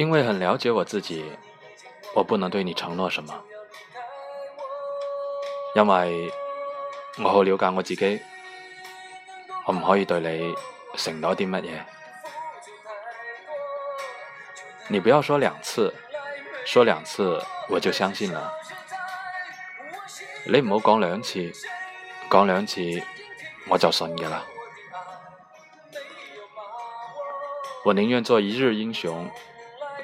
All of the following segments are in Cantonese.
因為很了解我自己，我不能對你承諾什麼。因為我好了解我自己，我唔可以對你承諾啲乜嘢。你不要說兩次，說兩次我就相信了。你唔好講兩次，講兩次我就信嘅啦。我寧願做一日英雄。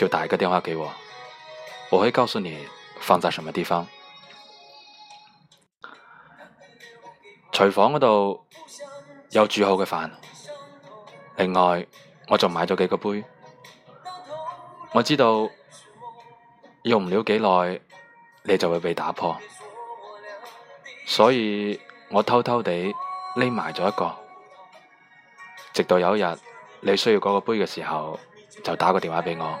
就打個電話給我，哦，我會告訴你放在什麼地方。廚房嗰度有煮好嘅飯，另外我仲買咗幾個杯。我知道用唔了幾耐你就會被打破，所以我偷偷地匿埋咗一個，直到有一日你需要嗰個杯嘅時候，就打個電話俾我。